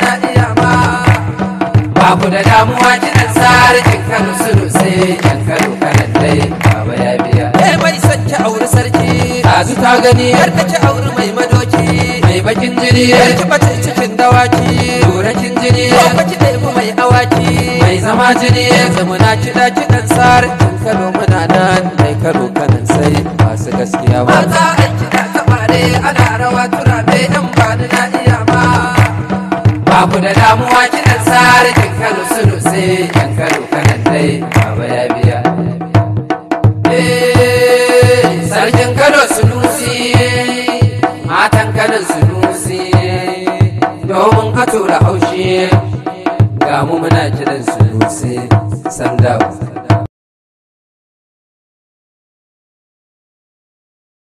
wani na iya ma ba da damuwa kiɗan sarkin kano sunu sai yan kanan dai baba ya biya eh bai sanki auri sarki ɗazu ta gani yar ta ki auri mai madoki mai bakin jini yar ki bata cikin dawaki turakin jini ko baki da mai awaki mai zama jini ya eh, zamuna kiɗa kiɗan sarkin kano muna nan mai kano kanan sai masu gaskiya ba mata an kiɗa kamare ana rawa turabe dan ba na babu da damuwa kiɗan tsari yan kano nutse sai kanan dai baba ya biya eh, sarkin kano sunusi matan kano sunusi domin ka tura haushi ga mu muna kiɗan sunusi sandawa